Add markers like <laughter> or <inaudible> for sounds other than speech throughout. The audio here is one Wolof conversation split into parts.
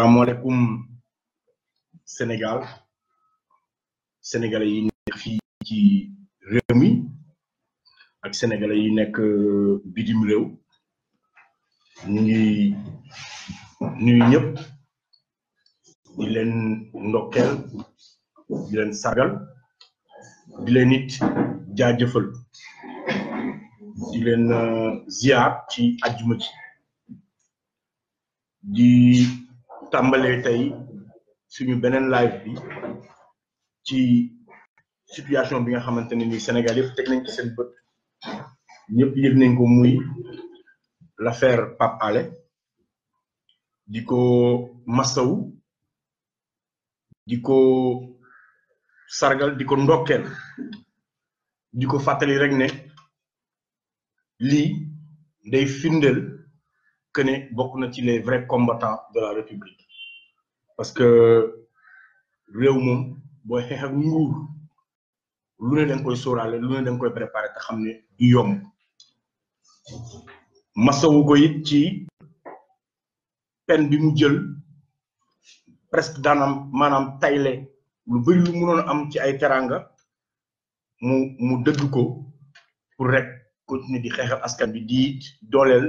salaamaaleykum Sénégal sénégalais yi nekk fii ci réew ak sénégalais yi nekk euh, bidim réew ñu ngi nuyu di leen ndokkeel di leen sargal di leen it di leen euh, ziar ci àjjuma di. tàmbalee tey suñu beneen live bi ci situation bi nga xamante ne ni Sénégal yëpp teg nañ ci seen bët ñëpp yëg nañ ko muy l'affaire Pape Alé di ko masawu di ko sargal di ko ndokkeel di ko fàttali rek ne lii day firndeel. que bokk na ci les vrais combattants de la république parce que réew moom booy xeex ak nguur lu ne dañ koy sóoraale lu ne dañ koy préparé te xam ne du yomb masawu ko ci peine bi mu jël presque danam maanaam tayle lu bëri lu mënoon am ci ay teranga mu mu dëgg ko pour rek continuer di xeexal askan bi di dooleel.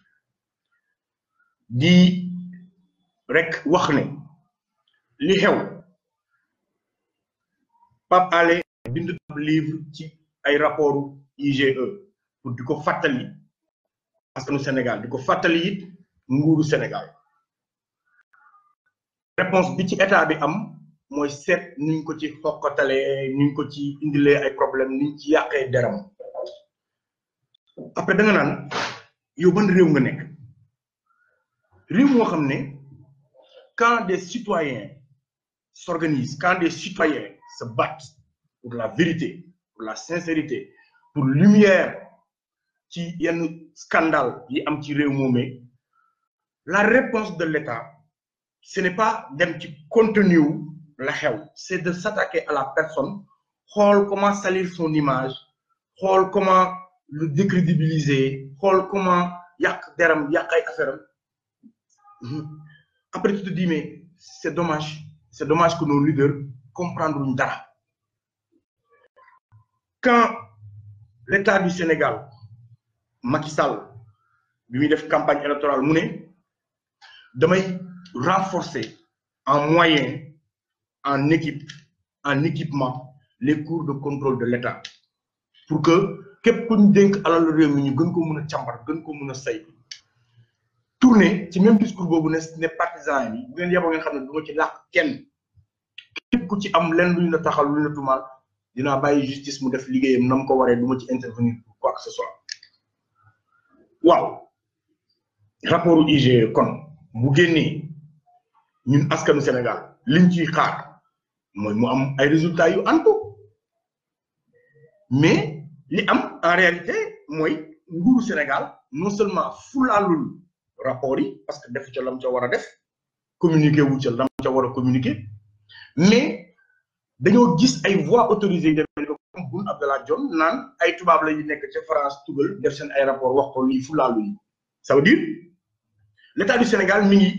di rek wax ne li xew Pape Alé bind ab livre ci ay rapportu IGE pour di ko fàttali askanu Sénégal di ko fàttali it nguuru Sénégal réponse bi ci état bi am mooy seet nuñ ko ci xokkatalee nuñ ko ci indilee ay problème ni ci yàqee deram après da naan yow ban réew nga nekk réew moo xam ne quand des citoyens s'organisent quand des citoyens se battent pour la vérité pour la sincérité pour lumière ci yenn scandale yi am ci réew moomee la réponse de l'État ce n'est pas dem ci contenu la xew c'est de s'attaquer à la personne xool comment salir son image xool comment le décrédibiliser xool comment yàq deram yàq ay affaire Mhm. après tu te dis mais c'est dommage c'est dommage que nos leaders comprendre luñ dara quand l'État du Sénégal Macky Sall bi muy def campagne électorale mu ne damay renforcer en moyen en équipe en équipement les cours de contrôle de l'État pour que képp ku ñu dénk alal réew ñu gën ko mën a càmbar gën ko mën a saytu tourné ci même discours boobu ne ne partisan yi bu ngeen ngeen xam ne du ma ci làq kenn képp ku ci am lenn lu ñu la taxal lu na la tumaal dinaa bàyyi justice mu def liggéey nam ko waree du ma ci intervenir pour quoi que ce soit waaw rapportu IGE kon bu génnee ñun askanu Sénégal liñ ciy xaar mooy mu am ay résultats yu anko mais li am en réalité mooy nguuru Sénégal non seulement fulaalul rapport parce que def ca lam ca war a def communiqué wu ca lam ca war communiqué mais dañoo gis ay voix autorisées yu demee ko comme Boun Abdallah Dionne naan ay tubaab la ñu nekk ca France tugal def seen ay rapport wax ko lii fulaalu yi ça veut dire l'état du Sénégal mi ngi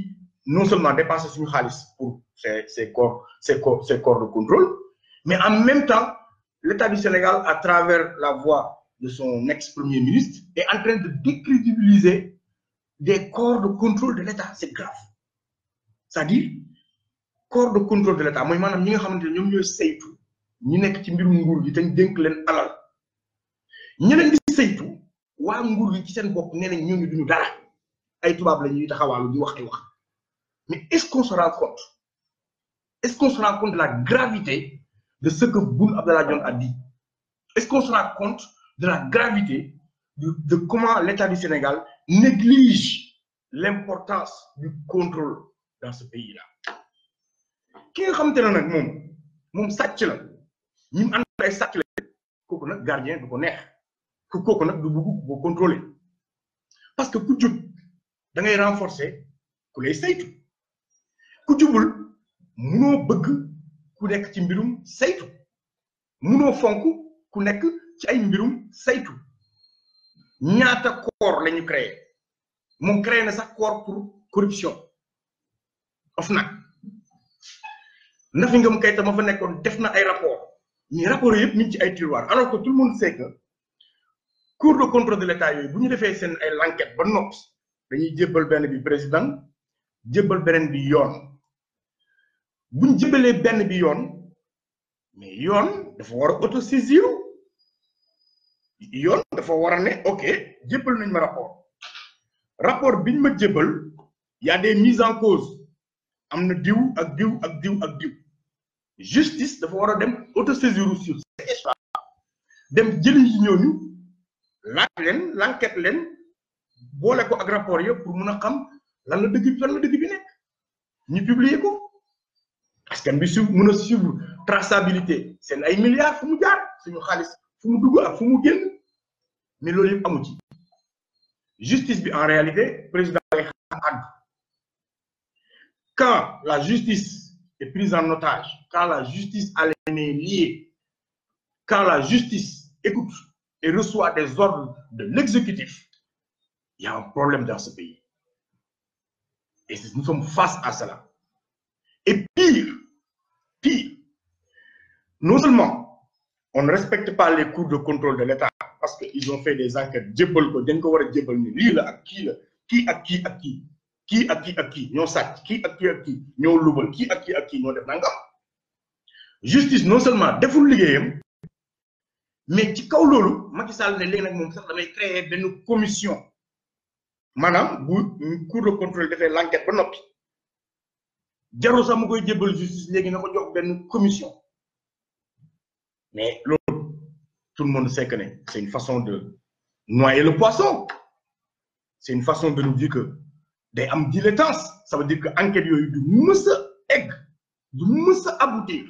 non seulement dépenser suñu xaalis pour ces ces corps ces corps ces de contrôle mais en même temps l'état du Sénégal à travers la voix de son ex-premier ministre est en de décrédibiliser des corps de contrôle de l'État c'est grave c'est-à-dire corps de contrôle de l'État mooy maanaam ñi nga xamante ne ñoom ñooy saytu ñi nekk ci mbirum nguur gi te ñu dénk leen alal ñeneen di saytu waa nguur gi ci seen bopp nee nañ ñooñu duñu dara ay tubaab la ñuy taxawaalu di wax ay wax mais est-ce qu'on se de la gravité de ce que Boun Abdallah Dionne a dit est-ce qu'on se rend compte de la gravité de comment l'État du Sénégal néglige l'importance du contrôle dans ce pays-là ki nga xamante ne nag moom moom sàcc la ñi mu ànd ay sàcc la kooku nag gardien du ko neex ku kooku nag du bugg ko contrôler parce que ku jub da ngay renforcer ku lay saytu ku jubul munoo bëgg ku nekk ci mbirum saytu munoo fonk ku nekk ci ay mbirum saytu ñaata corps la ñu créé moom créé na sax corps pour corruption OFNAC Nafi Ngom Keïta ma fa nekkoon def na ay rapport mais rapport yëpp ñu ci ay tiroir alors que tout le monde sait que de contrôle de l'État yooyu bu ñu defee seen ay enquête ba noppi dañuy jébbal benn bi président jébbal beneen bi yoon bu ñu jébbalee benn bi yoon mais yoon dafa war a auto yoon dafa war a ne ok jébbal nañ ma rapport rapport biñ ma jébbal y a des mises en cause am na diw ak diw ak diw ak diw justice dafa war a dem autosaisir sur cette histoire dem jëli yi ñooñu laaj leen l'enquête leen boole ko ak rapport yëpp pour mën a xam lan la dëgg lan la dëgg bi nekk ñu publier ko askan bi su mun a suivre traçabilité seen ay milliards fu mu jaar suñu xaalis fu mu dugg ak fu mu génn loolu yëpp amu justice bi en réalité président lay xaar quand la justice est prise en otage quand la justice elle est liée quand la justice écoute et reçoit des ordres de l'exécutif il y a un problème dans ce pays et nous sommes face à cela et pire pire non seulement on ne respecte pas les cours de contrôle de l'État parce que ils ont fait des enquêtes jébbal ko dañ ko war a jébbal ni lii la ak kii la kii ak kii ak kii kii ak kii ak kii ñoo sàcc kii ak kii ak kii ñoo lubal kii ak kii ak kii ñoo def nangam justice non seulement deful liggéeyam mais ci kaw loolu Macky Sall ne léegi nag moom sax damay créer benn commission maanaam bu cour de contrôle defee l'enquête ba noppi jarul sax mu koy jébbal justice léegi na ko jox benn commission Mais l'autre, tout le monde sait c'est une façon de noyer le poisson. C'est une façon de nous dire que des am dilettance, ça veut dire que l'enquête du moussa egg, du moussa aboutir.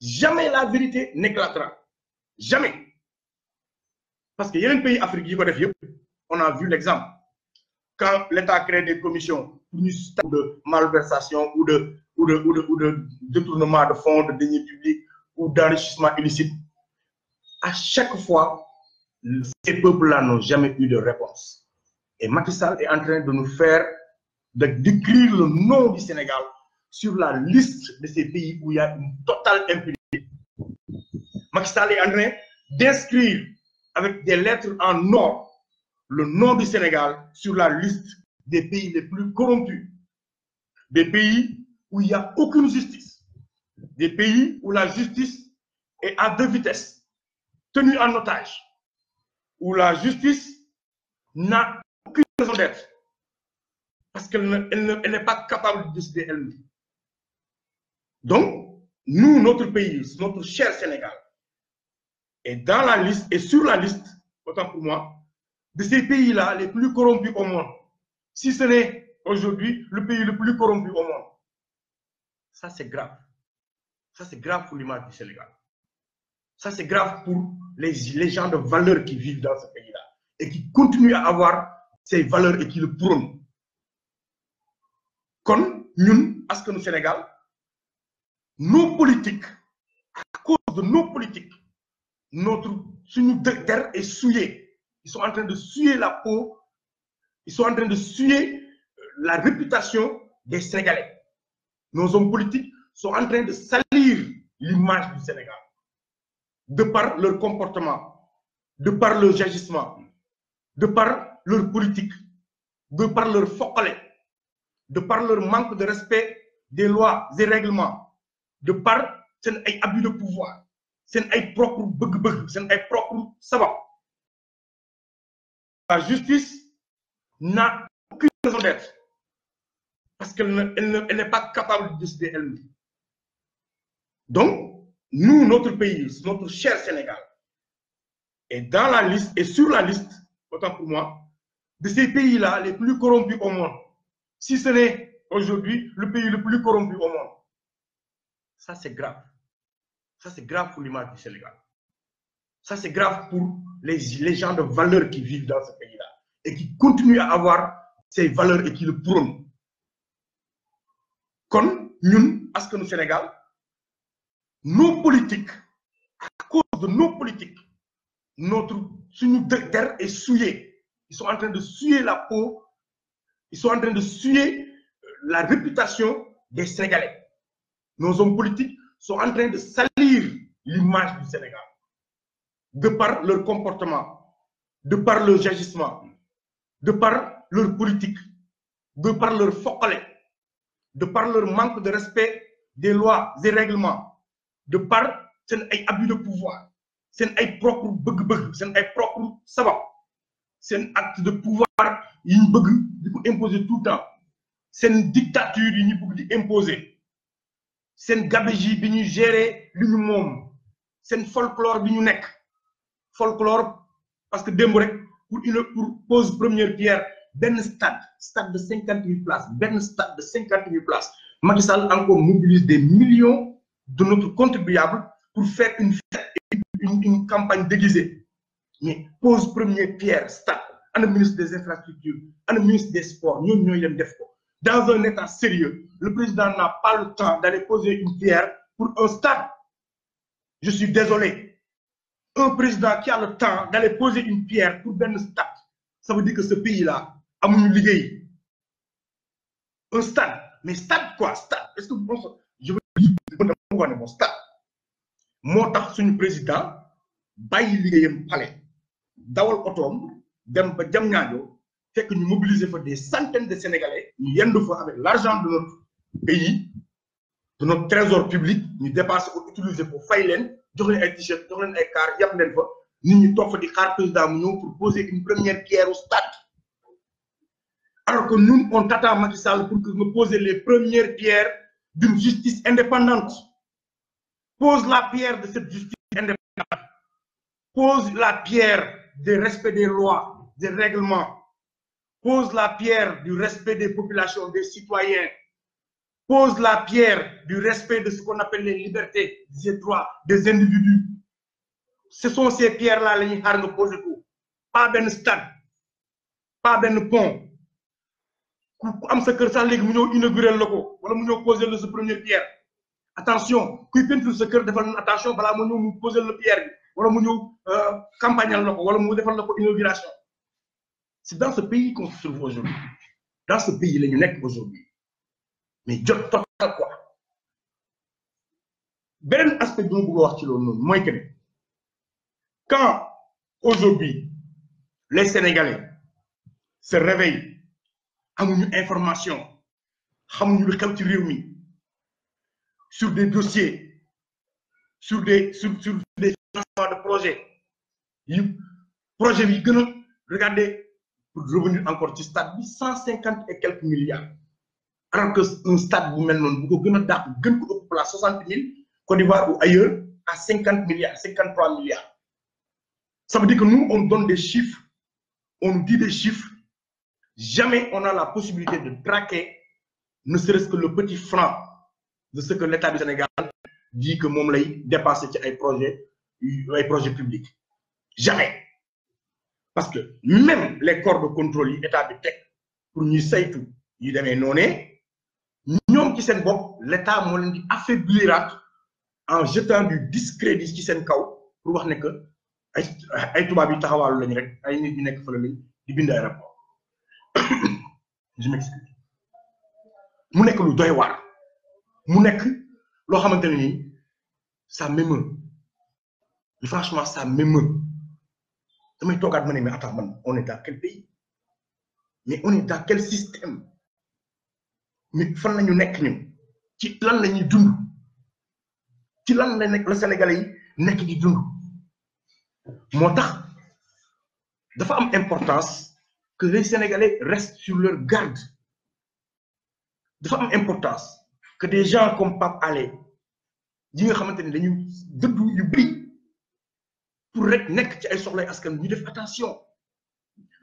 Jamais la vérité n'éclatera. Jamais. Parce qu'il y a un pays africain on a vu l'exemple. Quand l'État crée des commissions de malversation ou de, ou détournement de fonds, de deniers publics, ou d'enrichissement illicite, à chaque fois, ces peuples-là n'ont jamais eu de réponse. Et Macky est en train de nous faire, de décrire le nom du Sénégal sur la liste de ces pays où y a une totale impunité. Macky est en train d'inscrire avec des lettres en or le nom du Sénégal sur la liste des pays les plus corrompus, des pays où il a aucune justice des pays où la justice est à deux vitesses, tenue en otage, où la justice n'a aucune raison d'être, parce qu'elle n'est elle pas capable de décider elle-même. Donc, nous, notre pays, notre cher Sénégal, est dans la liste, et sur la liste, autant pour moi, de ces pays-là les plus corrompus au monde, si ce n'est aujourd'hui le pays le plus corrompu au monde. Ça, c'est grave. Ça, c'est grave pour l'image du Sénégal. Ça, c'est grave pour les, les gens de valeur qui vivent dans ce pays et qui continuent à avoir ces valeurs et qui le prônent. kon ñun askanu Sénégal nos politiques à cause de nos politiques notre suñu terre est souillée ils sont en train de souiller la peau ils sont en train de souiller euh, la réputation des Sénégalais nos hommes politiques sont en train de l'image du Sénégal, de par leur comportement, de par leur agissement, de par leur politique, de par leur focolé, de par leur manque de respect des lois et règlements, de par seen ay abus de pouvoir seen ay propre bëgg-bëgg seen ay propre sabab. La justice n'a aucune raison d'être parce qu'elle ne, elle n'est pas capable de décider elle-même. Donc, nous, notre pays, notre cher Sénégal, est dans la liste, et sur la liste, autant pour moi, de ces pays-là les plus corrompus au monde. Si ce n'est aujourd'hui le pays le plus corrompu au monde. Ça, c'est grave. Ça, c'est grave pour l'image du Ça, c'est grave pour les, gens de valeur qui vivent dans ce pays-là et qui continuent à avoir ces valeurs et qui le prônent. Comme nous, à ce que nous, Sénégal, nos politiques à cause de nos politiques notre suñu der est souillé ils sont en train de souiller la peau ils sont en train de souiller euh, la réputation des Sénégalais nos hommes politiques sont en train de salir l'image du Sénégal de par leur comportement de par leur agissement de par leur politique de par leur foqale de par leur manque de respect des lois et règlements de par sen ay abus de pouvoir seen ay propre bëgg-bëgg sen ay propre sabab seen acte de pouvoir yi ñu bëgg di ko imposer tout le temps seen dictature yi ñu bëgg di imposer seen gabegie bi ñuy gérer li ñu moom seen folklore bi ñu nekk folklore parce que démb rek pour une pour pose première pierre benn stade stade de cinquante mille places benn stade de cinquante mille places Macky encore mobilise des millions de notre contribuable pour faire une campagne déguisée mais pose premier pierre stade ana ministre des infrastructures ana ministre des sports ñooñu ñooy dem def ko dans un état sérieux le président n'a pas le temps d'aller poser une pierre pour un stade je suis désolé un président qui a le temps d'aller poser une pierre pour benn stade ça veut dire que ce pays là amuñu liggéey un stade mais stade quoi stade est-ce que ne moo stade moo tax suñu président bàyyi liggéeyam palais dawal otoom dem ba Diamniadio fekk ñu mobiliser fa des centaines de sénégalais ñu yendu fa avec l'argent de notre pays de notre trésor public ñu dépensé ko utiliser fo fay leen jox leen ay t-shirt jox leen ay car yàpp leen fa nit ñi toog fa di xaar président mu ñëw pour poser une première pierre au stade alors que nous on t'attend Macky Sall pour que nga poser les premières pierres d'une justice indépendante pose la pierre de cette justice indépendante, pose la pierre du respect des lois, des règlements, pose la pierre du respect des populations, des citoyens, pose la pierre du respect de ce qu'on appelle les libertés, des droits, des individus. Ce sont ces pierres-là les gens nous posent tout. Pas ben stade, pas ben pont. am sa kër sax léegi mu ñëw inaugurer la ko wala mu ñëw poser la sa première pierre. attention kuy peinture sa kër defal attention balaa mu ñëw mu posé la pierre bi wala mu ñëw euh, campagnal la ko wala mu defal la ko inauguration si dans ce pays qu'on se trouve aujourd'hui dans ce pays la ñu nekk aujourd'hui mais jot total quoi beneen aspect bi ma bëgg a wax ci loolu noonu mooy que ne quand aujourd'hui les sénégalais se réveillent amuñu information xamuñu lu xew ci réew mi sur des dossiers sur des sur des financements de projet yu projet bi gën a regardez pour revenir encore ci stade bi cent cinquante et quelques milliards alors que un stade bu mel noonu bu ko gën a dàq gën ko ëpp place soixante mille Côte d'Ivoire ailleurs à cinquante milliards cinquante trois milliards ça veut dire que nous on donne des chiffres on dit des chiffres jamais on a la possibilité de traquer ne serait-ce que le petit franc de ce que l'État du Sénégal dit que moom lay dépassé ci ay projets ay projets publics jamais parce que même les corps de contrôle yi état du teg pour ñuy saytu yu demee noonee ñoom ci seen bopp l'État moo leen di affaibliraat en jetant du discrédit ci seen kaw pour wax ne que ay ay tubaab yi taxawaalu lañu rek ay nit ñu nekk fële di bind ay rapport <coughs> je m'explique mu nekk lu doy waar mu nekk loo xamante ne nii ça m'émeut franchement ça m'émeut damay toogaat ma ne mais attends man on dans quel pays mais on est dans quel système mais fan la ñu nekk ñun ci lan la ñuy dund ci lan la nekk la Sénégalais yi nekk di dund moo tax dafa am importance que les Sénégalais restent sur leur garde dafa am importance. que des gens comme Pape Alé yi nga xamante ne dañu dëddu yu bëri pour rek nekk ci ay soxlay askan ñu def attention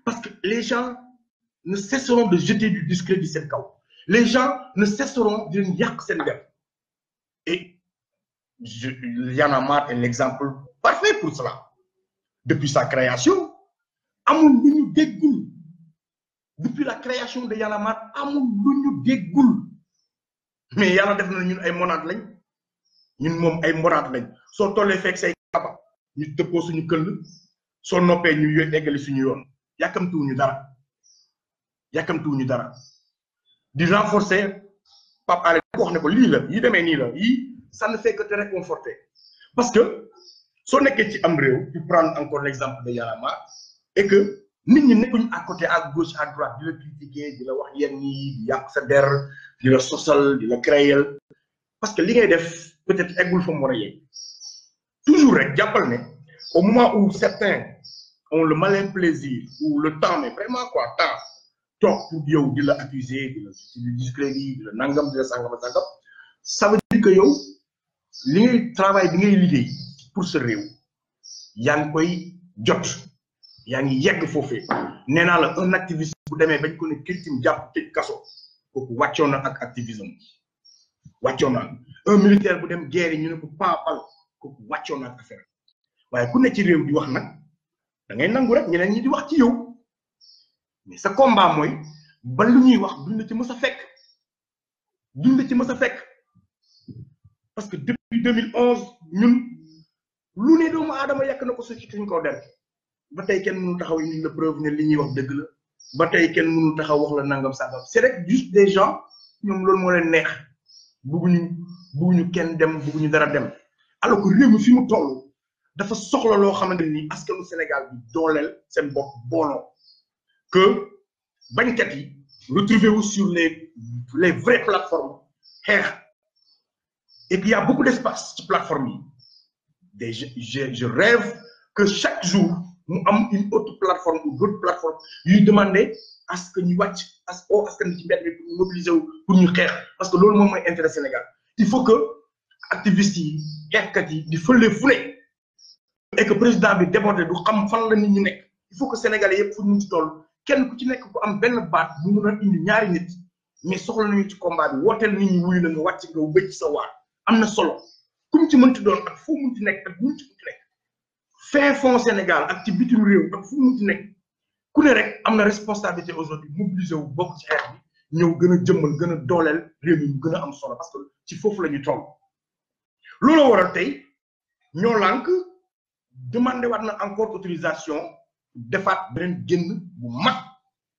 parce que les gens ne cesseront de jeter du discrédit seen kaw les gens ne cesseront de yàq seen der et je Y'en a marre est l'exemple parfait pour cela depuis sa création amul lu ñu déggul depuis la création de Y'en a marre lu ñu déggul mais yàlla def na ñun ay monaat lañ ñun moom ay monaat lañ soo tollee fekk say kaba ñu tëppoo suñu këll soo noppee ñu yooyu eggali suñu yoon yàkkamtuwuñu dara yàkkamtuwuñu dara di renforcer Pape Alé ko wax ne ko lii yi demee nii la yii ça ne fait que parce que soo nekkee ci am réew pour encore l' exemple de Yàlla Mar et que nit ñi nekkuñ à côté à gauche à droite di la critiquer di la wax yenn yi di yàq sa der di la sosal di la créel parce que li ngay def peut-être eggul fa mu war toujours rek jàppal ne au moment où certains ont le malin plaisir ou le temps mais vraiment quoi temps to pour yow di la accuser di la discrédit di la nangam di la sangam sangam ça veut dire que yow li ngay bi ngay liggéey pour sa réew yaa koy jot. yaa ngi yegg foofee nee naa la un activiste bu demee bañ ko ne kirtim jàpp tëj kaso kooku wàccoon na ak activisme wàccoon na un militaire bu dem guerre ñu ne ko paapal kooku wàccoon na ak waaye ku ne ci réew di wax nag dangay ngay nangu rek ñeneen ñi di wax ci yow mais sa combat mooy ba lu ñuy wax duñ la ci mës a fekk duñ la ci mës a fekk parce que depuis 2011 ñun lu ne doomu aadama yekk na ko suñ suñ kaw der ba tey kenn mënu taxaw indi la preuve ne li ñuy wax dëgg la ba tey kenn mënu taxaw wax la nangam sangam c'est rek juste des gens ñoom loolu moo leen neex bugguñu bugguñu kenn dem ñu dara dem alors que réew mi fi mu toll dafa soxla loo xamante ni askanu Sénégal doolel seen bopp booloo que bañkat yi retrouver wu sur les les vraies plateformes xeex et qu'il y a beaucoup d'espace ci plateforme yi des je je rêve que chaque jour mu am une autre plateforme ou d'autres plateformes yuy demander à ce que ñu wàcc à ce que askan wu pour ñu xeex parce que loolu moom mooy intérêt Sénégal il faut que activistes yi xeexkat yi di fële fu ne et que président bi débordé du xam fan la nit ñi nekk il faut que sénégalais yëpp fu ñu ci toll kenn ku ci nekk ku am benn baat bu mun a indi ñaari nit mais soxla nañu ci combat bi wooteel nit ñi wuyu la ñu wàcc nga wëcc sa waar am na solo ku ci mënti doon ak foo mënti nekk ak mu ci fee fond Sénégal ak ci bitim réew ak fu mu ci nekk ku ne rek am na responsabilité aujourd'hui mobiliser wu bokk ci xeex bi ñëw gën a jëmmal gën a dooleel réew mi mu gën am solo parce que ci foofu la toog toll loolu waral tey ñoo lànk demandé waat na encore autorisation defaat beneen génn bu mag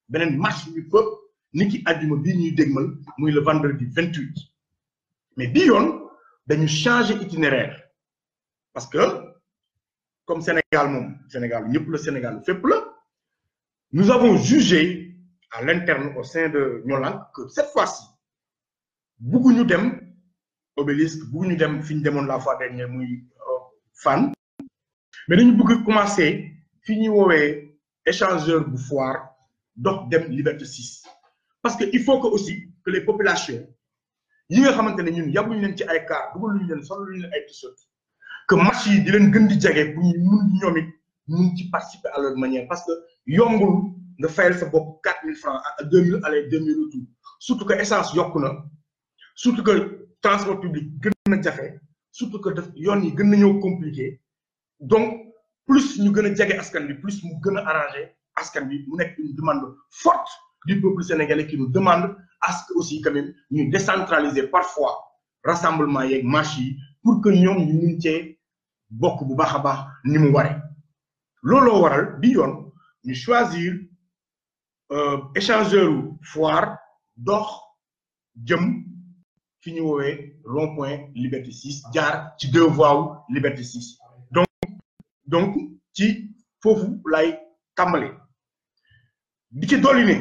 beneen marche bi pëp ni ki àjjuma bii ñuy dégmal muy le vendredi vingt huit mais bii yoon dañu changer itinéraire parce que comme Sénégal moom Sénégal ñëpp la Sénégal fépp la nous avons jugé à l'interne au sein de Ñolank que cette fois-ci bugguñu dem obélisque bugguñu dem fi ñu demoon la fois dernière muy euh, fan mais dañu bëgg commencer fi ñuy woowee échangeur bu foire dox dem liberté 6 parce que il faut que aussi que les populations yi nga xamante ne ñun yabuñu leen ci ay car dugaluñu leen solaluñu leen ay que match yi di leen gën di jege bu ñu mun ñoom it mun ci participer à leur manière parce que yombul nga fayal sa bopp quatre mille francs ak deux mille aller deux mille retour surtout que essence yokku na surtout que transport public gën na jafe surtout que daf yoon yi gën nañoo compliquer donc plus ñu gën a jege askan bi plus mu gën a arrangé askan bi mu nekk une demande forte du peuple sénégalais qui nous demande à ce que aussi quand même ñu décentraliser parfois rassemblement yeeg marche yi bokk bu baax a baax ni mu waree looloo waral bi yoon ñu choisir euh, échangeur foire dox jëm fi ñu woowee rond point liberté 6 jaar ci deux voies liberté 6 donc donc ci foofu lay tàmbale bi ci dolli ne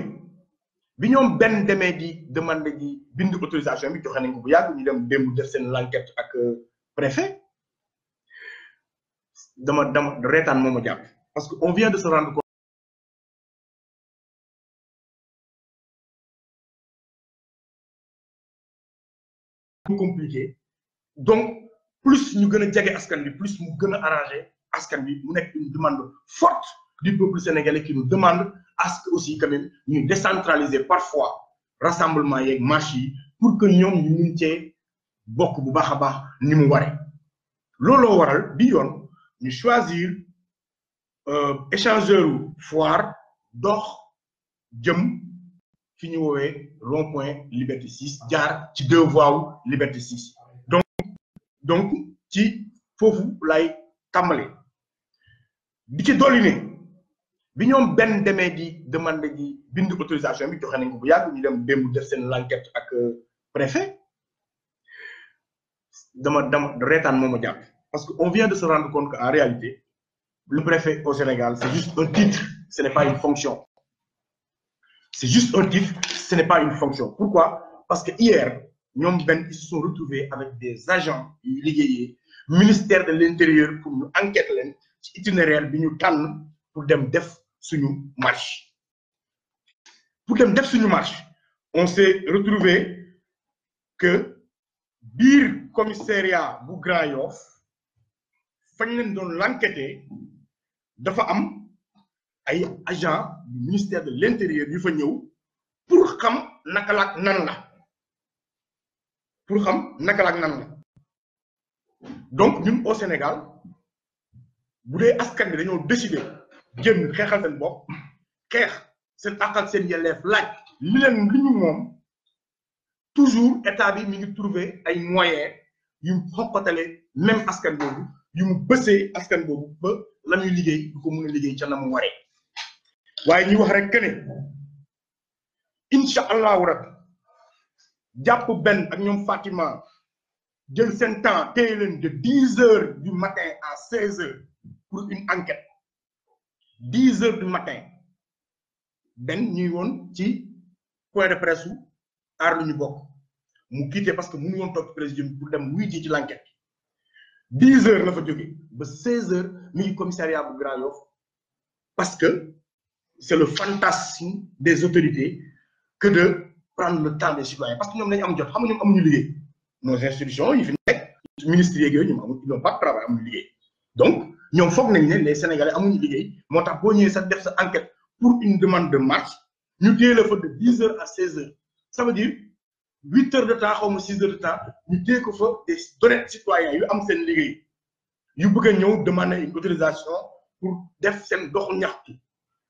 bi ñoom benn demee di demande ji bind autorisation bi joxe nañ ko bu yàgg ñu dem démb def seen l'enquête ak euh, préfet dama dama reetaan moo ma jàpp parce que on vient de se rendre compte compliqué donc plus ñu gën a jege askan bi plus mu gën a arrangé askan bi mu nekk une demande forte du peuple sénégalais qui nous demande à ce aussi quand même ñu décentraliser parfois rassemblement yeeg marche yi pour que ñoom ñu mun cee bokk bu baax a baax ni mu waree looloo waral bi yoon ñu choisir euh, échangeur u foire dox jëm fi ñu woowee rond point liberté 6 jaar ci deux voies liberté 6 donc donc ci foofu lay tàmbalee di ci dolli ne bi ñoom benn demee di demande ji bind autorisation bi joxe nañ ko bu yàgg ñu dem démb def seen l'enquête ak euh, préfet dama dama reetaan moo ma Parce que qu'on vient de se rendre compte qu'en réalité, le préfet au Sénégal, c'est juste un titre, ce n'est pas une fonction. C'est Pourquoi Parce que hier, ils se sont retrouvés avec des agents liés ministère de l'Intérieur pour ñu enquête leen ci itinéraire bi ñu tànn pour dem def suñu marche pour dem def suñu marche on s'est retrouvé que biir commissariat bu fañ leen doon l'enquêter dafa am ay agent ministère de l'intérieur yu fa ñëw pour xam naka la nan la pour xam naka nan la donc ñun au Sénégal bu dee askan bi dañoo décider jën xeexal seen bopp xeex seen àq seen yelleef laaj li leen li ñu moom toujours état bi mi ngi trouver ay moyen yu xokkatale même askan boobu yu mu bësee askan boobu la muy liggéey du ko mën liggéey ca na mu waree waaye ñu wax rek que incha allahu rabbi jàpp benn ak ñoom Fatima jël seen temps téye leen de dix heures du matin à seize heures pour une enquête dix heures du matin benn ñuy woon ci point de presse su lu ñu bokk mu quitté parce que mënu woon toog président pour dem wuy ji ci l'enquête dix heures la fa jóge ba seize heures mi ngi commissariat bu Grand Yoff parce que c'est le fantasme des autorités que de prendre le temps des citoyens parce que ñoom dañu am jot xam nga ñoom amuñu liggéey nos institutions yi fi nekk ministres yeeg yooyu ñoom amuñu ñoom pas de liggéey donc ñoom foog nañ ne les sénégalais amuñu liggéey moo tax boo ñëwee sax def sa enquête pour une demande de marche ñu téye la fa de dix heures à seize heures ça veut dire huit heures de temps ma six heures de temps ñu téye ko fa des honnêtes citoyens yu am seen liggéey yu bëgg a ñëw demander une autorisation pour def seen ñax ñaxtu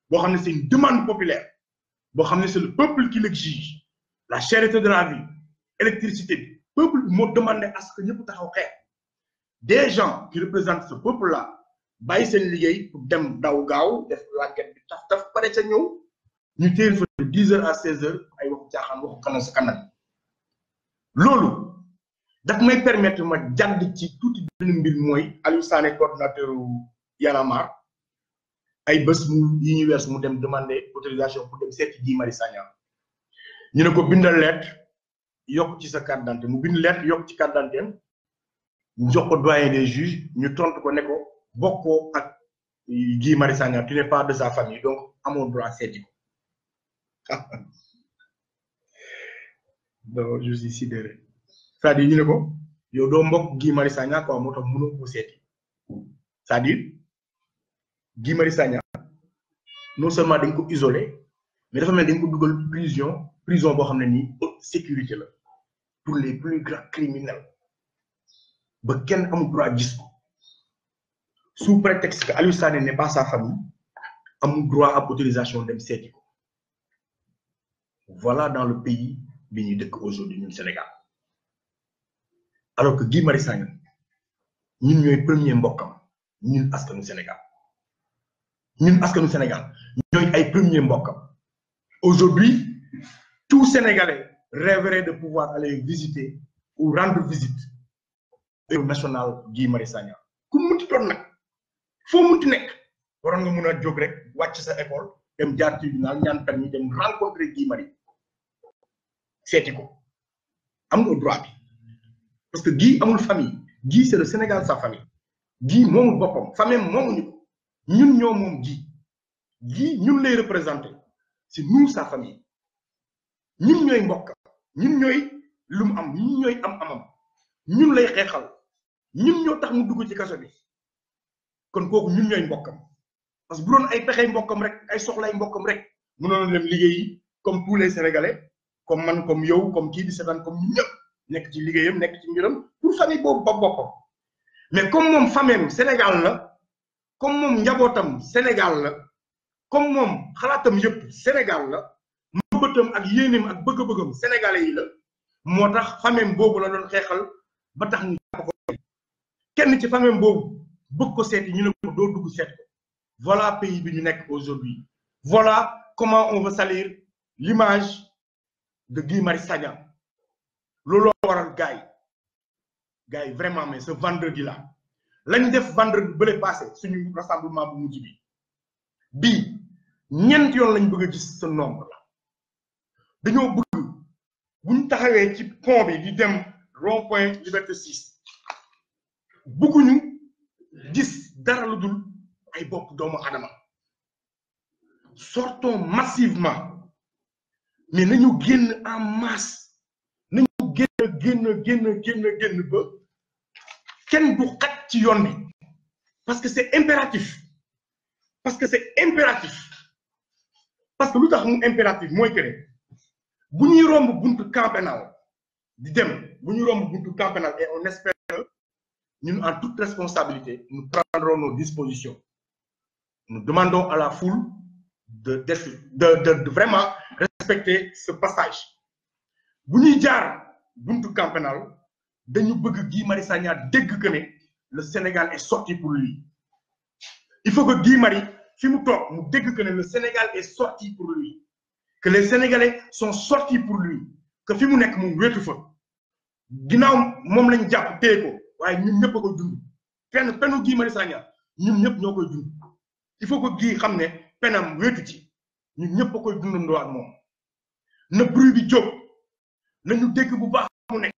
boo xam ne c'est demande populaire boo xam ne c'est le peuple qui l'exige la cherté de la vie électricité bi peuple bi moo demande à que ñëpp taxaw xeex des gens qui représente ce peuple là bàyyi seen liggéey pour dem daw gaaw def lànket bi taf taf pare ca ñëw ñu téye fa de dix heures à seize heures ay waxu caaxaan waxu kanam sa kanam loolu daf may permettre ma jànd ci tuuti benn mbir mooy Aliou Sané coordonnateur Y'en a ay bés mu yi ñu wees mu dem demander autorisation pour dem seeti Guy Marius Sagna ñu ne ko bindal lettre yokk ci sa carte mu bind lettre yokk ci carte d'identité ñu jox ko doyen des juges ñu tontu ko ne ko bokkoo ak Guy Marius Sagna tu n'es pas de sa famille donc amoo droit seeti ko <laughs> doo justice déedéet cest dire ñu ne ko yow doo mbokk Guy Marius Sagna quoi moo tax mënoo ko seeti cest dire Guy Marius non seulement dañ ko isolé mais dafa mel dañ ko dugal prison prison boo xam ne ni haute sécurité la pour les plus grands criminels ba kenn amul droit gis ko sous prétexte que Aliou Sané n'est pas sa famille amul droit ab autorisation dem seeti ko voilà dans le pays bi ñuy dëkk aujourd'hui ñun Sénégal alors que Guy Marius Sagna ñun ñooy premier mbokkam ñun askanu Sénégal ñun askanu Sénégal ñooy ay premier mbokkam aujourd'hui tout Sénégalais rêverait de pouvoir aller visiter ou rendre visite au national Guy mari Sagna ku munti doon nag foo munti nekk waroon nga mun a jóg rek wàcc sa école dem jaar tribunal ñaan permis dem rencontrer Guy seeti ko am nga droit bi parce que Guy amul famille Guy c'est le Sénégal sa famille Guy moomu boppam famille moomuñu ko ñun ñoo moom Guy Guy ñun lay représenter c'est nous sa famille ñun ñooy mbokk ñun ñooy lu mu am ñun ñooy am amam ñun lay xeexal ñun ñoo tax mu dugg ci kaso bi kon kooku ñun ñooy mbokkam parce que bu doon ay pexey mbokkam rek ay soxlay mbokkam rek mënoon dem liggéeyi comme tous les comme man comme yow comme kii di seetaan comme ñun ñëpp nekk ci liggéeyam nekk ci mbiram pour famille boobu ba boppam mais comme moom famem Sénégal la comme moom njabootam Sénégal comme moom xalaatam yëpp Sénégal la mëbëtam ak ak bëgg-bëggam sénégalais yi la moo tax famem boobu la doon xeexal ba tax ñu ko kenn ci famem boobu bëgg ko seeti ñu ne doo dugg seet ko voilà pays bi ñu nekk aujourd'hui voilà comment on veut salir l'image de Guy Marius looloo waral gars yi gars yi vraiment mais ce vendredi là lañ def vendredi bële passé suñu rassemblement bu mujj bi bii ñeent yoon lañ bëgg a gis ce nombre la dañoo bëgg buñ taxawee ci pont bi di dem rond point liberté 6 bëgguñu gis dara lu dul ay bopp doomu adama sortons massivement mais nañu génn en masse nañu génn génn génn génn génn ba kenn du xat ci yoon bi parce que c'est impératif parce que c'est impératif parce que lu tax mu impératif mooy que bu ñuy romb buntu camp pénal di dem bu ñuy romb buntu camp et on espère que ñun en toute responsabilité nous prendrons nos dispositions nous demandons à la foule de de de, de vraiment respecter ce passage bu ñuy jaar buntu camp pénal dañu bëgg Guy Marius Sagna dégg que ne le Sénégal est sorti pour lui il faut que Guy Marius fi mu toog mu dégg que ne le Sénégal est sorti pour lui que les Sénégalais sont sortis pour lui que fi mu nekk mu wéetu fa ginnaaw moom lañ jàpp téye ko waaye ñun ñëpp a koy dund penn pennu Guy Marius Sagna ñun ñëpp ñoo koy il faut que Guy xam ne penam wéetu ci ñun ñëpp a koy dundandoo ak moom na bruit bi jóg nañu dégg bu baax mu nekk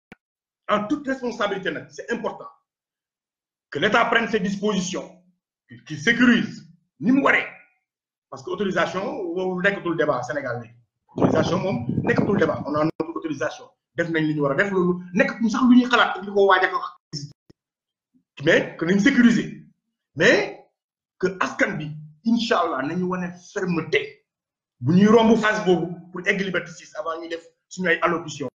en toute responsabilité nag c'est important que l'État prenne ses dispositions qu'il sécurise ni mu waree parce que autorisation woowu nekkatul débat Sénégal léegi autorisation moom nekkatul débat on a notre autorisation def nañ li ñu war def loolu nekkatul sax lu ñuy xalaat ak li ko waaj a ko mais que nañ sécuriser mais que askan bi incha allah nañu wane fermeté bu ñuy romb phase boobu pour egg liberté 6 avant ñuy def suñu ay allocution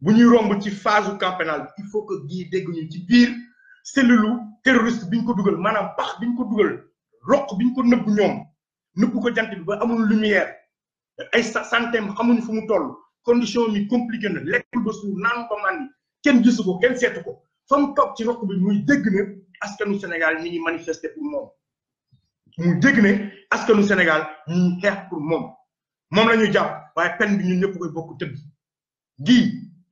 bu ñuy romb ci phase su camp il faut que gii dégg ñu ci biir cellule terroriste bi ñu ko dugal maanaam pax bi ñu ko dugal roq bi ko nëbb ñoom nëbb ko jant bi ba amul lumière ay santeem xamuñu fu mu toll condition mi compliqué na lekkul ba suur naan ba màndi kenn gisu ko kenn seetu ko fa mu toog ci roq bi muy dégg ne askanu Sénégal ni ñuy manifester pour moom muy dégg ne askanu Sénégal ñuy xeex pour moom moom la ñu jàpp waaye peine bi ñun ñëpp koy bokk tëdd gi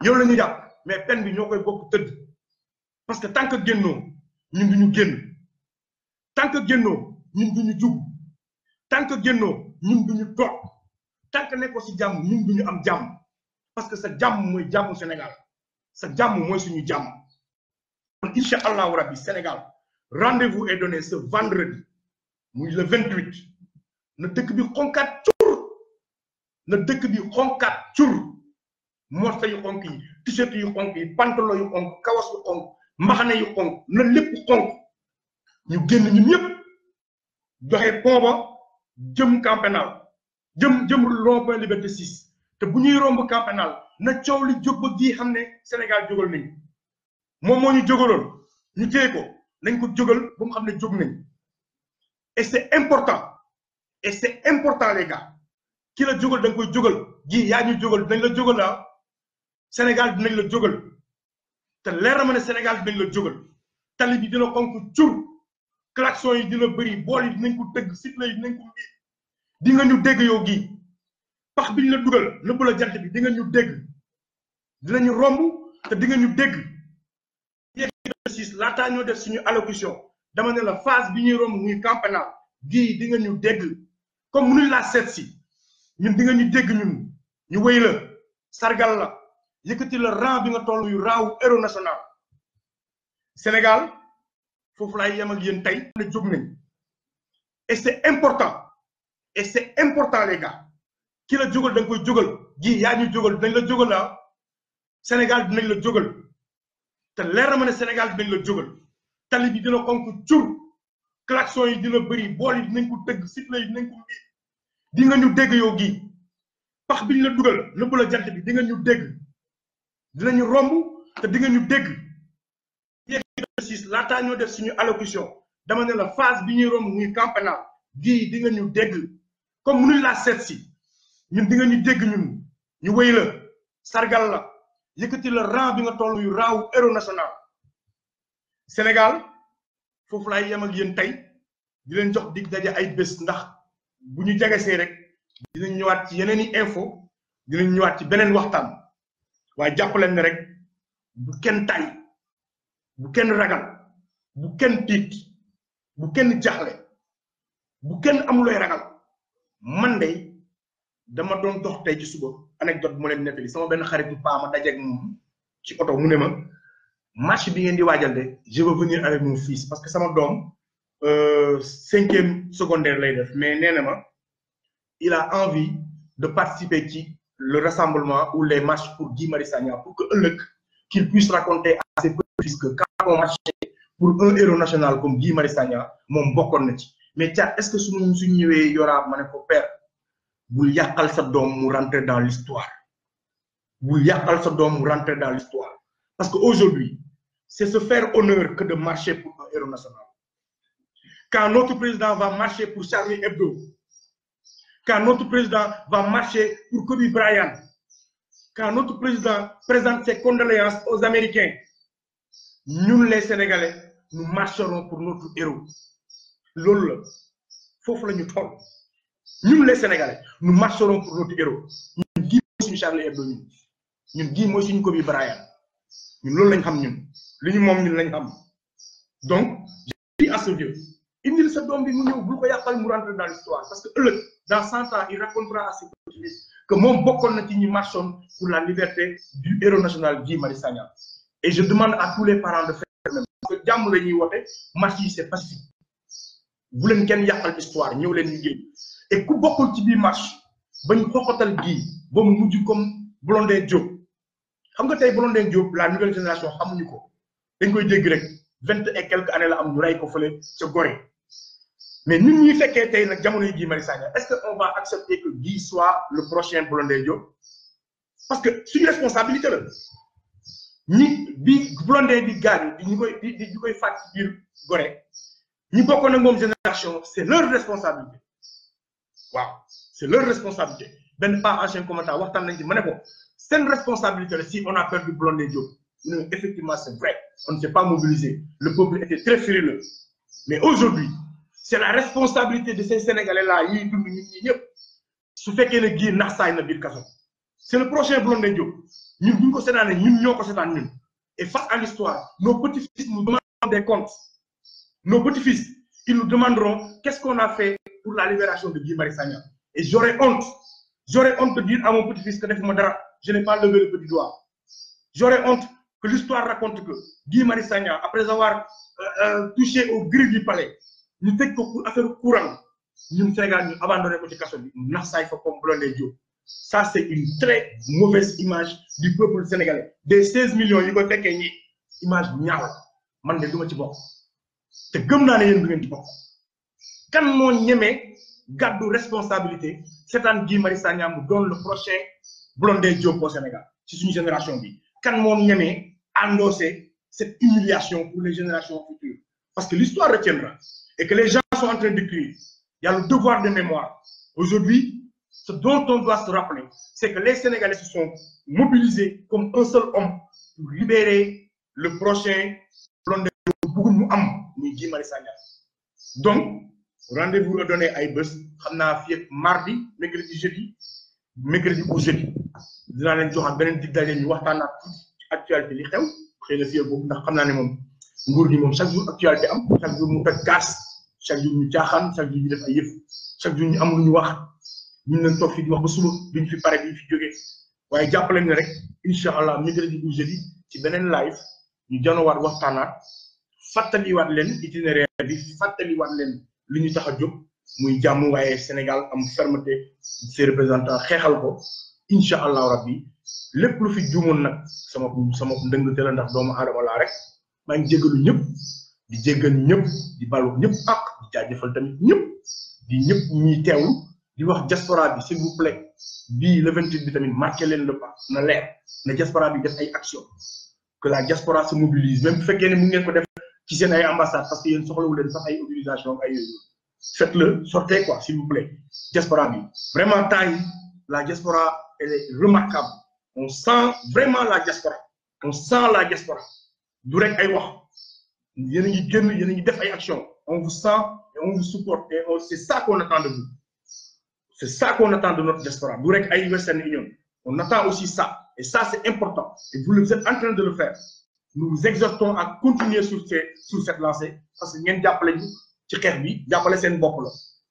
yow la ñuy jàpp mais peine bi ñoo koy bokk tëdd parce que tant que génnoo ñun du ñu génn tant que génnoo ñun bu ñu jug tant que génnoo ñun du ñu toog tant que nekkoo si jàmm ñun du ñu am jàmm parce que sa jàmm mooy jàmmu Sénégal sa jàmm mooy suñu jàmm kon incha allahu rabbi Sénégal rendez-vous est donné ce vendredi muy le 28 na dëkk bi xonkaat na dëkk bi xonkaat cur morso yu xonk yi t-shirt yu xonk yi pantalon yu xonk kawas yu xonk mbaxane yu xonk na lépp xonk ñu génn ñun ñëpp joxe pont jëm Camp jëm jëm rond-point Liberté 6 te bu ñuy romb Camp na coow li jóg ba gii xam ne Sénégal jógal nañ moom moo ñu jógaloon ñu téye ko nañ ko jógal ba mu xam ne jóg nañ et est important et est important les gars ki la jógal nga koy jógal gii yaa ñu jógal dinañ la jógal ah Sénégal dinañ la jógal te leer na ma ne Sénégal dinañ la jógal tali bi dina xonk cur klaxon yi dina bëri bool yi dinañ ko tëgg cycle yi dinañ ko mbi di nga ñu dégg yow gii pax biñ la dugal nëbbu jant bi di nga ñu dégg dinañu romb te di nga ñu dégg laataa ñoo def suñu allocution dama ne la phase bi ñuy romb muy campanal gi di nga ñu dégg comme mënuñ laa seet si ñun di nga ñu dégg ñun ñu wéy la sargal la yëkkati la rang bi nga toll yu rang héros national Sénégal foofu laay yem ak yéen tey. ne jóg nañ et c'est important et c'est important les gars ki la jógal da nga koy jógal gi yaa ñu jógal dinañ la jógal laa ah. Sénégal dinañ la jógal te leer na ma ne Sénégal dinañ la jógal tali bi dina xonk cur klaxon yi dina bëri bool yi dinañ ko tëgg sifle yi dinañ ko mii di nga ñu dégg yoo gi pax bi la dugal nëbbu la jant bi di nga ñu dégg dinañu romb te di nga ñu dégg exercice laataa ñoo def suñu allocution dama ne la phase bi ñuy romb muy campanal gi dinga nga ñu dégg comme mënuñ laa seet si ñun di nga ñu dégg ñun ñu wéy sargal la yëkkati la rang bi nga toll yu raawu héros national Sénégal foofu laay yem ak yéen tey di leen jox dig daje ay bés ndax bu ñu jagasee rek dina ñëwaat ci yeneen i info dinañ ñëwaat ci beneen waxtaan waaye jàpp leen rek bu kenn tay bu kenn ragal bu kenn tiit bu kenn jaxle bu kenn am looy ragal man de dama doon dox tey ci suba anecdote bu ma leen nettali sama benn xarit bu paa ma dajeeg ci oto mu ne ma marché bi ngeen di waajal de je veux venir avec mon fils parce que sama doom cinquième secondaire lay def mais nee na ma il a envie de participer ci le rassemblement ou les marches pour Guy mari Sagna pour que ëllëg qu'il puisse raconter à ses petits que quand on marchait pour un héros national comme Guy mari Sagna moom bokkoon na ci mais Thiat est-ce que suñu suñ ñëwee yoraa ma ne ko père bul yàqal sa doom mu rentrer dans l'histoire bul yàqal sa doom mu rentrer dans l'histoire parce que aujourd'hui c'est se faire honneur que de marcher pour un héros national Quand notre président va marcher pour Charlie Hebdo, quand notre président va marcher pour Kobe Bryant, quand notre président présente ses condoléances aux Américains, ñun les Sénégalais, nous marcherons pour notre héros. loolu la foofu la ñu toll ñun les Sénégalais nous marcherons pour notre héros ñun gii mooy suñu Charlie Hebdo ñun ñun gii mooy suñu Kobe Bryant ñun loolu lañ xam ñun li ñu moom ñun lañ xam donc je dis indil sa doom mu ñëw bul ko yàqal mu rentre dans l'histoire parce que ëllëg dans cent il racontera que moom bokkoon na ci ñi marchoon pour la liberté du héros national Guy Marius Sagna et je demande à tous les parents de faire même parce que jàmm la ñuy woote marche bu leen kenn yàqal histoire ñëw leen liggéey et ku bokkul ci biir marche bañ xoxatal gii ba mu mujj comme Blondin Diop xam nga tey Blondin Diop la nouvelle génération xamuñu ko dañ koy dégg rek vingt et quelques années la am rey ko fële ca mais ñun ñuy fekkee tey nag jamono yi Guy Marius Sagna est-ce que on va accepter que Guy soit le prochain Blondin Diop parce que suñu responsabilité la ni bi Blondin bi gaañ bi ñu koy di di koy fàtt ci biir Gorée ñi bokkoon ak moom génération c'est leur responsabilité waaw c'est leur responsabilité benn pas ancien commentaire waxtaan nañ ci ma ne sen seen responsabilité la si on a perdu Blondin Diop non effectivement c'est vrai on ne s'est pas mobilisé le peuple était très mais aujourd'hui c' est la responsabilité de ces sénégalais là ñuy su fekkee ne gii nax saay na biir kaso c' est le prochain Blondin Diop ñun bu ñu ko seetaanee ñun ñoo ko seetaan et face à l'histoire nos petits-fils nous demandent des comptes nos petits-fils ils nous demanderont qu'est-ce qu'on a fait pour la libération de Guy Marius Sagna et j'aurais honte j'aurais honte de dire à mon petit-fils que defuma dara je n'ai pas levé le petit doigt j'aurais honte que l'histoire raconte euh, euh, au gril du palais ñu tëj ko affaire courant ñun Sénégal ñu abandonné ko ci kaso bi naxsaay fa comme Blondin Diop ça c' est une très mauvaise image du peuple sénégalais des 16 millions yi ko fekkee ñi image bu ñaaw man de du ma ci bokk te gëm naa ne yéen du ngeen kan moo ñemee gàddu responsabilité seetaan Guy Marius Sagna mu doon le prochain Blondin Diop au Sénégal ci suñu génération bi kan moo ñemee endossé cette humiliation pour les générations futures que l'histoire retiendra et que les gens sont en train de crier. Il y a le devoir de mémoire. Aujourd'hui, ce dont on doit se rappeler, c'est que les Sénégalais se sont mobilisés comme un seul homme pour libérer le prochain Blondin bu mu am muy Guy Marius Sagna. donc rendez-vous la donné ay bés xam naa fii ak mardi mercredi jeudi mercredi ou jeudi dinaa leen joxaat beneen dig daje ñu waxtaan ak actualité li xew xëy na fii boobu ndax xam naa ne moom nguur gi moom chaque jour actualité am chaque chaque jour ñu caaxaan chaque jour ñu def ay yëf chaque jour ñu am lu ñu wax ñu leen toog fii di wax ba suba duñ fi pare duñ fi jógee waaye jàppale ne rek incha allah mercredi ou jeudi ci beneen live ñu janowaat waxtaanaat fàttaliwaat leen itinéraire bi fàttaliwaat leen li ñu tax a jóg muy jàmm waaye Sénégal am fermeté ses représentants xeexal ko incha allah rabbi lépp lu fi juumoon nag sama sama dëng la ndax doomu aadama laa rek maa ngi jégalu ñëpp. di jéggal ñëpp di balu ñëpp ak di jaajëfal tamit ñëpp di ñëpp ñuy teewlu di wax diaspora bi s'il vous plaît bii le 28 bi tamit marqué leen la pas na leer na diaspora bi def ay action que la diaspora se mobilise même bu fekkee ne mu ngeen ko def ci seen ay ambassade parce que yéen soxlawu leen sax ay autorisation ay yooyu faites le sortez quoi s'il vous diaspora bi vraiment temps yi la diaspora elle est remarquable vraiment la diaspora on sent la diaspora du rek yéen a ngi génn yéen a def ay action on vous sent et on vous supporte et oh, c'est ça qu'on attend de vous c'est ça qu'on attend de notre diaspora du rek ay Western Union on attend aussi ça et ça c'est important et vous vous êtes en train de le faire nous vous exhortons continuer sur ce sur cette parce que ngeen jàppale ñu ci xeex bi jàppale seen bopp la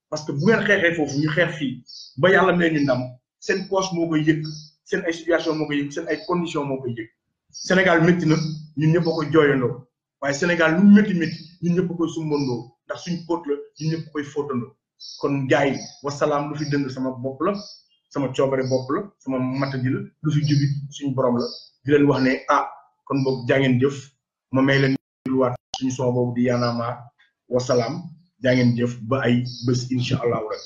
parce que bu ngeen xeexee foofu ñu xeex fii ba yàlla may ñu ndam seen poche moo koy yëg seen ay situation moo koy yëg seen ay conditions moo koy yëg Sénégal métti na ñun ñëpp a koy waaye Sénégal lu métti métti ñëpp koy sumbandoo ndax suñ póot la ñëpp koy fóotandoo kon gaay yi wasalaam lu fi dëng sama bopp la sama coobare bopp la sama matadi la lu fi jubi suñu borom la di leen wax ne ah kon boog jàngeen jëf ma may leen luwaat suñu son boobu di yaanaamaar wasalaam jàngeen jëf ba ay bés incha allahu rek